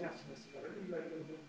Ja, je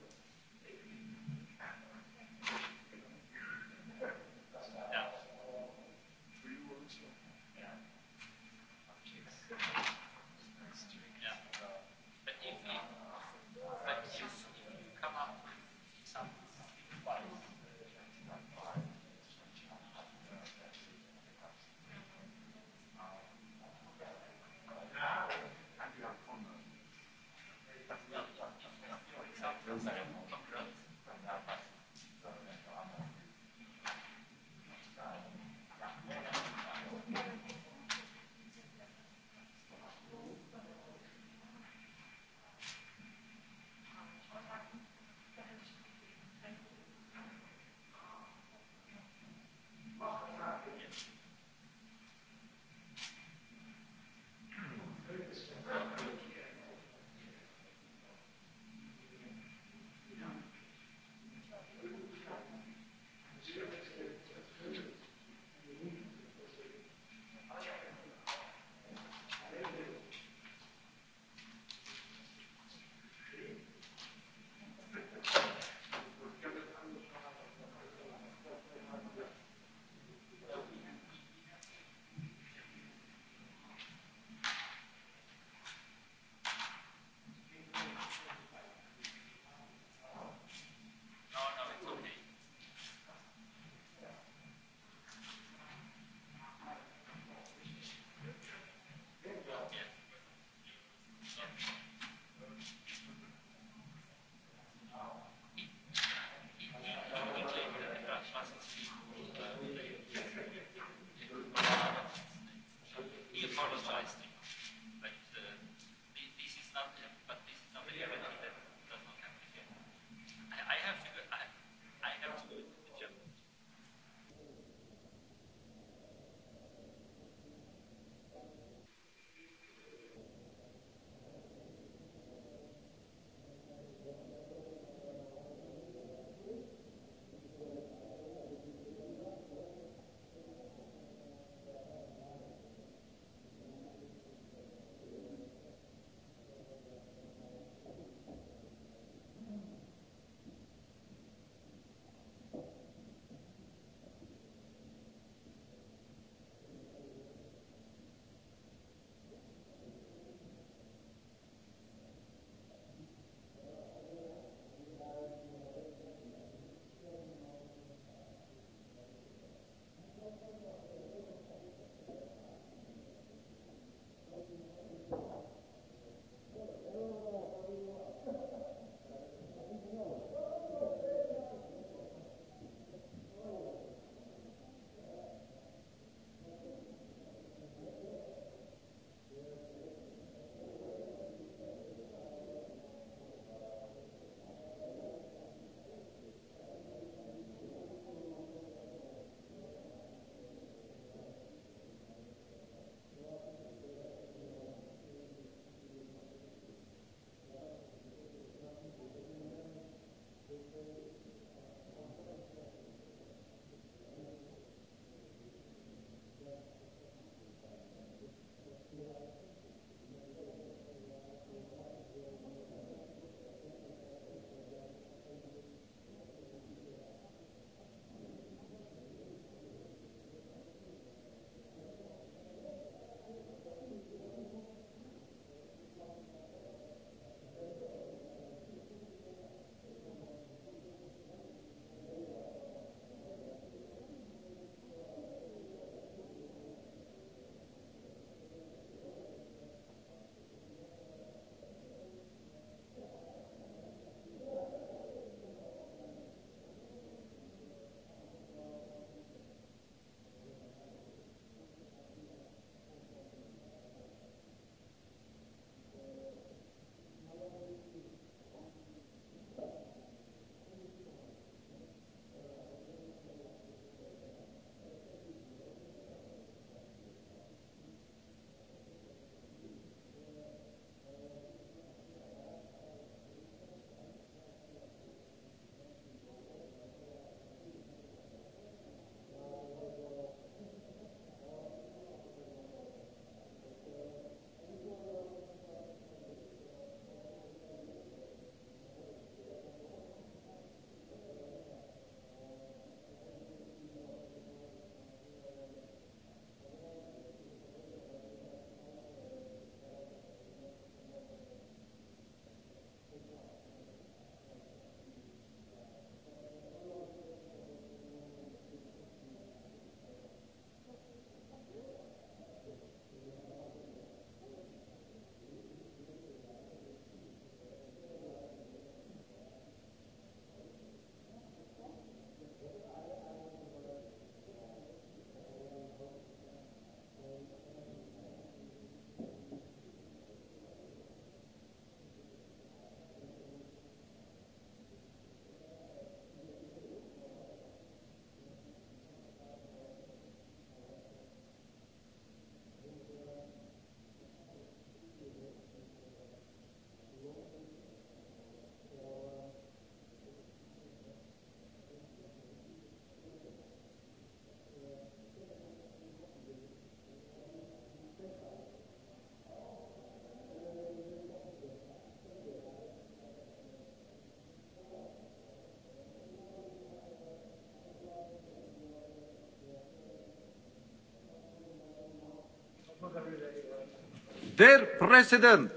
Der Präsident,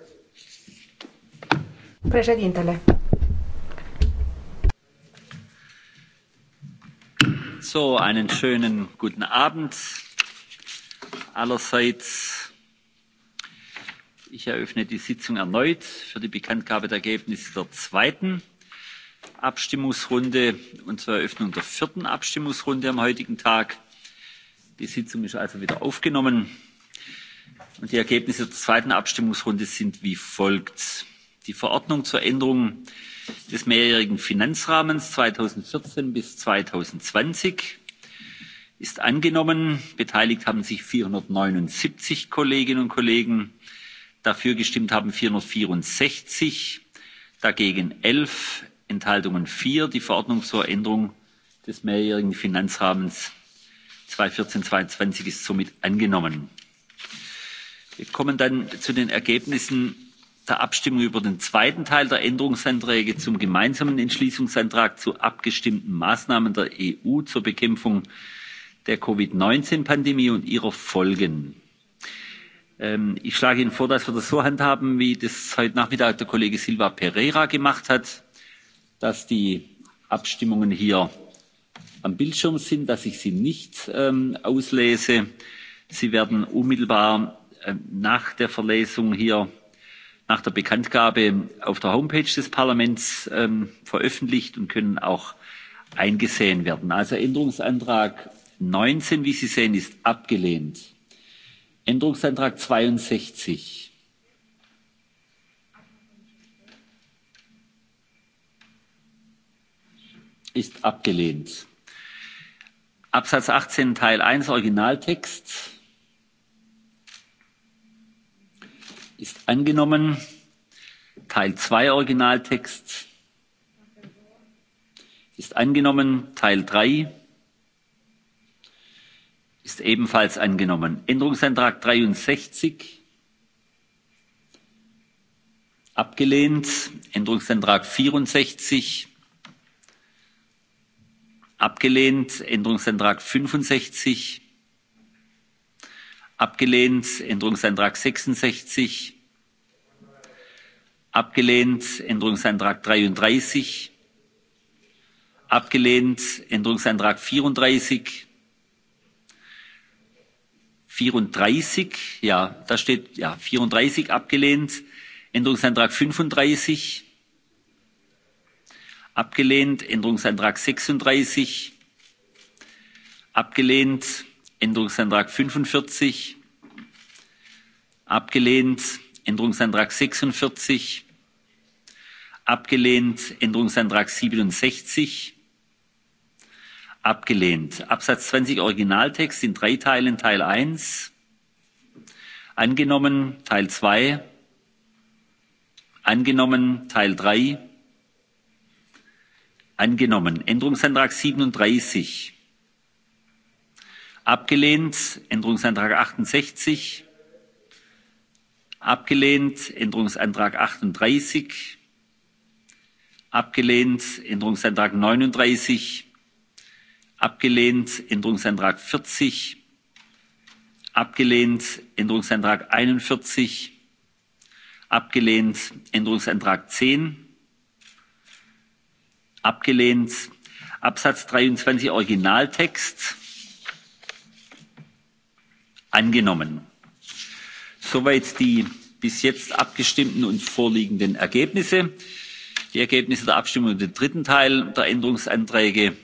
Președintele. So, einen schönen guten Abend allerseits. Ich eröffne die Sitzung erneut für die Bekanntgabe der Ergebnisse der zweiten Abstimmungsrunde und zur Eröffnung der vierten Abstimmungsrunde am heutigen Tag. Die Sitzung ist also wieder aufgenommen die ergebnisse der zweiten abstimmungsrunde sind wie folgt die verordnung zur änderung des mehrjährigen finanzrahmens bis 2020 ist angenommen. beteiligt haben sich 479 kolleginnen und kollegen dafür gestimmt haben 464 dagegen elf enthaltungen. vier die verordnung zur änderung des mehrjährigen finanzrahmens zweitausendvierzehn zweitausendzwanzig ist somit angenommen wir kommen dann zu den ergebnissen der abstimmung über den zweiten teil der änderungsanträge zum gemeinsamen entschließungsantrag zu abgestimmten maßnahmen der eu zur bekämpfung der covid neunzehn pandemie und ihrer folgen. Ähm, ich schlage ihnen vor dass wir das so handhaben wie das heute nachmittag der kollege silva pereira gemacht hat dass die abstimmungen hier am bildschirm sind dass ich sie nicht ähm, auslese. sie werden unmittelbar Äh, nach der verlesung hier nach der bekanntgabe auf der homepage des parlaments ähm, veröffentlicht und können auch eingesehen werden. also änderungsantrag neunzehn wie sie sehen ist abgelehnt; änderungsantrag zweiundsechzig ist abgelehnt; absatz achtzehn teil eins originaltext ist angenommen; teil zwei originaltext ist angenommen; teil 3, ist ebenfalls angenommen; änderungsantrag 63, abgelehnt; änderungsantrag 64, abgelehnt; änderungsantrag 65, abgelehnt. Änderungsantrag 66 abgelehnt. Änderungsantrag 33 abgelehnt. Änderungsantrag 34 34 ja, da steht ja 34 abgelehnt. Änderungsantrag 35 abgelehnt. Änderungsantrag 36 abgelehnt änderungsantrag fünfundvierzig abgelehnt; änderungsantrag sechsundvierzig abgelehnt; änderungsantrag siebenundsechzig abgelehnt; absatz zwanzig originaltext in drei teilen teil eins angenommen; teil zwei angenommen; teil drei angenommen; änderungsantrag siebenunddreißig abgelehnt; änderungsantrag achtundsechzig abgelehnt; änderungsantrag achtunddreißig abgelehnt; änderungsantrag neununddreißig abgelehnt; änderungsantrag vierzig abgelehnt; änderungsantrag einundvierzig abgelehnt; änderungsantrag zehn abgelehnt; absatz dreiundzwanzig originaltext angenommen. soweit die bis jetzt abgestimmten und vorliegenden ergebnisse. die ergebnisse der abstimmung über den dritten teil der änderungsanträge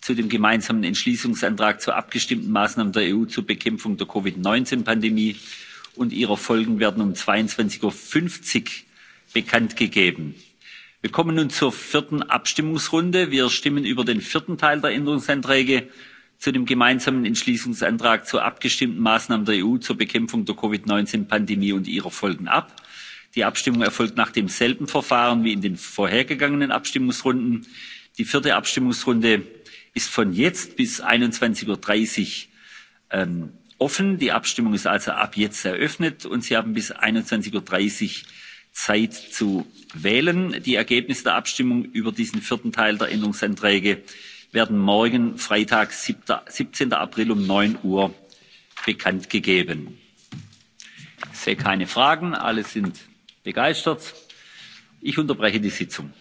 zu dem gemeinsamen entschließungsantrag zu abgestimmten maßnahmen der eu zur bekämpfung der covid neunzehn pandemie und ihrer folgen werden um. zweiundzwanzig fünfzig uhr bekanntgegeben. wir kommen nun zur vierten abstimmungsrunde. wir stimmen über den vierten teil der änderungsanträge zu dem gemeinsamen entschließungsantrag zu abgestimmten maßnahmen der eu zur bekämpfung der covid neunzehn pandemie und ihrer folgen ab. die abstimmung erfolgt nach demselben verfahren wie in den vorhergegangenen abstimmungsrunden. die vierte abstimmungsrunde ist von jetzt bis. einundzwanzig dreißig uhr ähm, offen. die abstimmung ist also ab jetzt eröffnet und sie haben bis. einundzwanzig dreißig uhr zeit zu wählen. die ergebnisse der abstimmung über diesen vierten teil der änderungsanträge werden morgen freitag. siebzehn april um. neun uhr bekanntgegeben. ich sehe keine fragen alle sind begeistert. ich unterbreche die sitzung.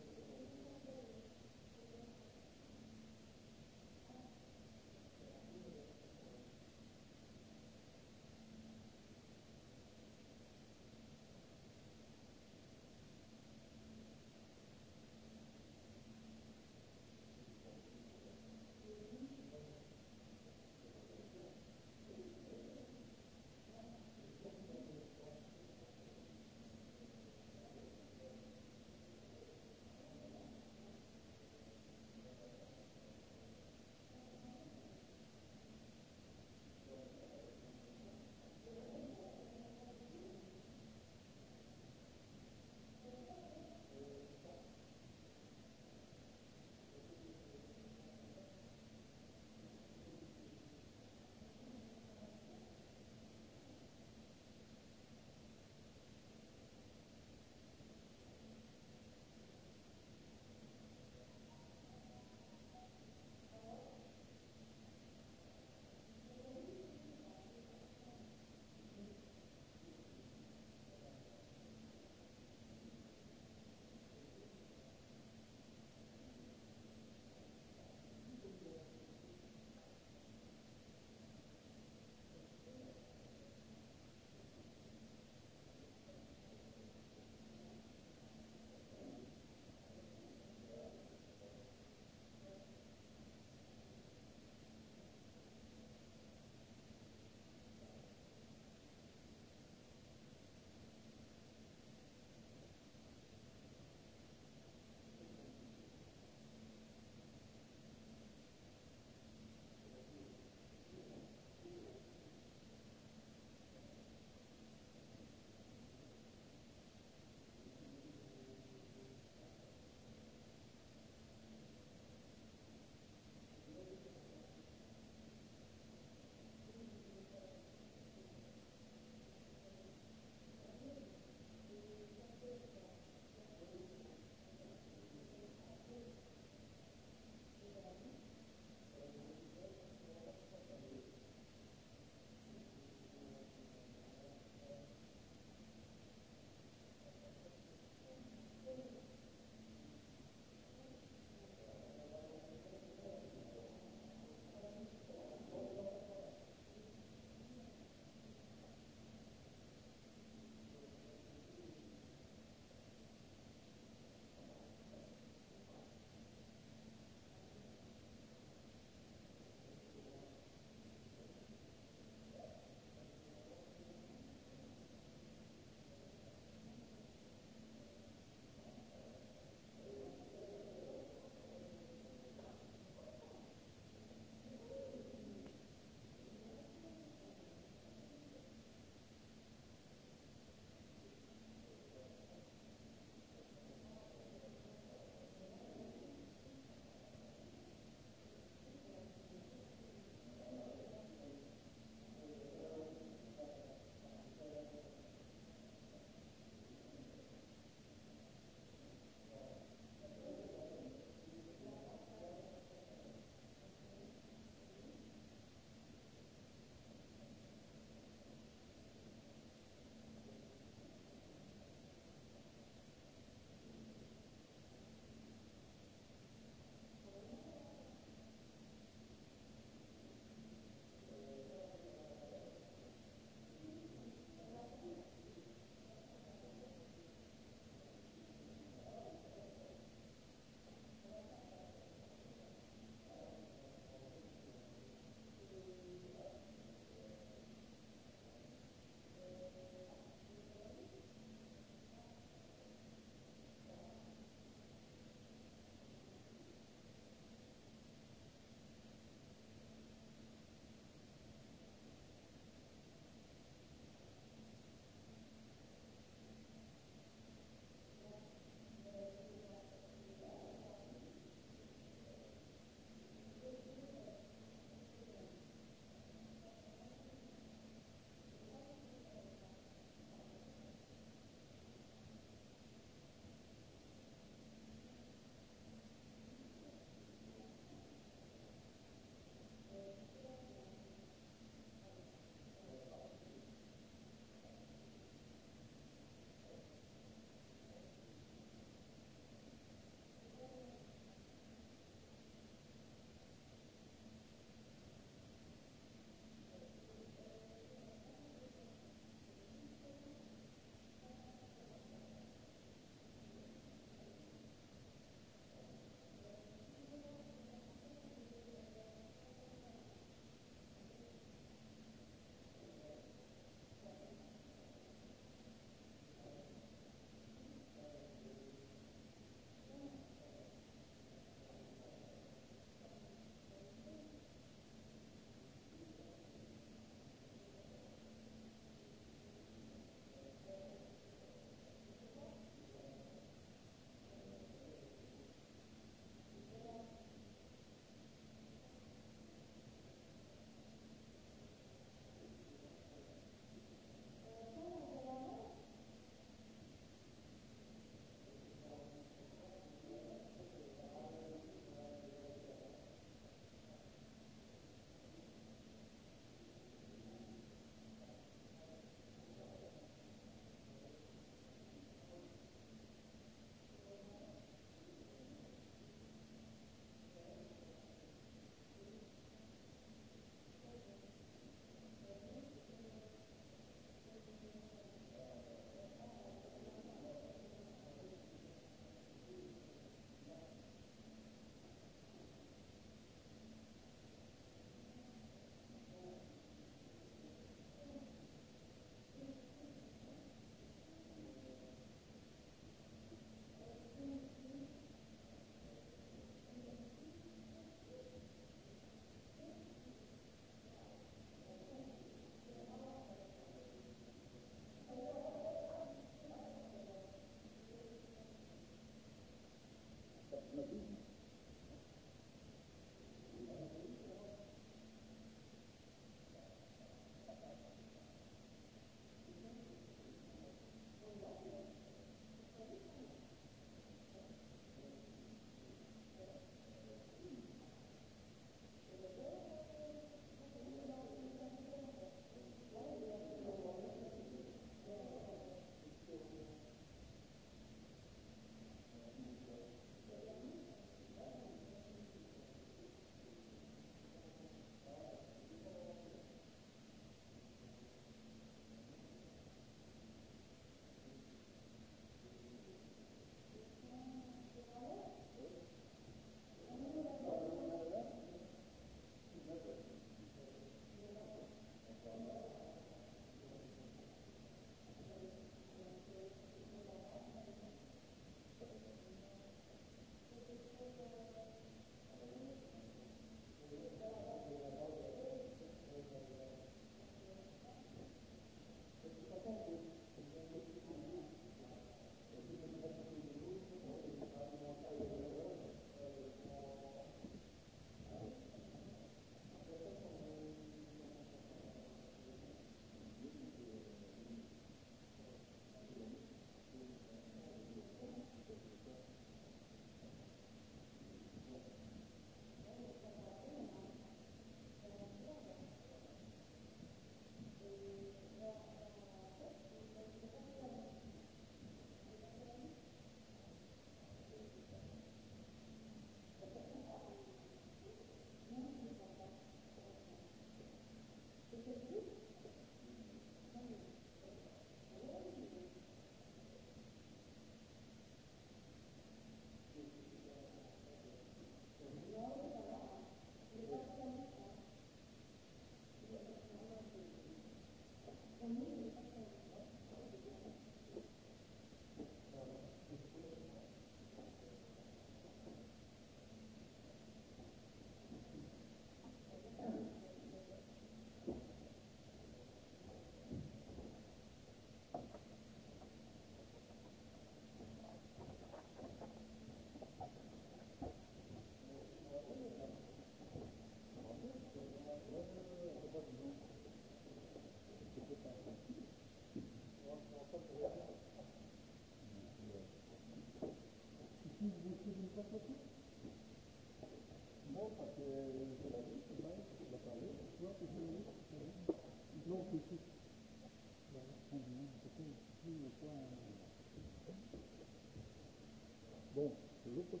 Lucas,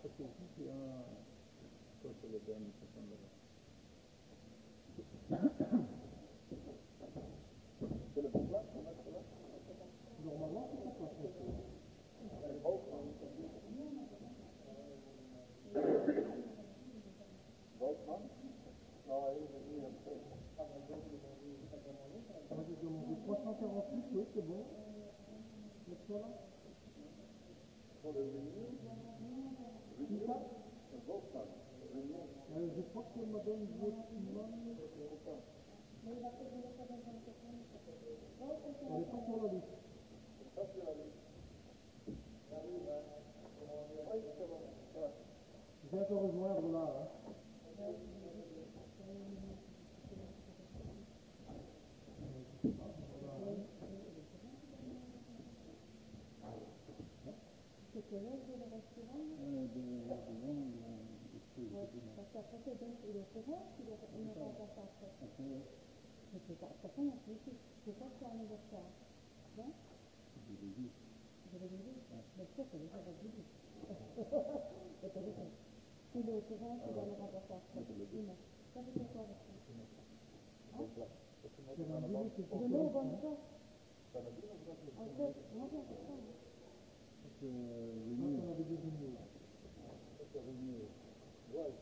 porque a legal Je vais te rejoindre là. se dan piroteka piroteka ne to je to silo teraj na razdava se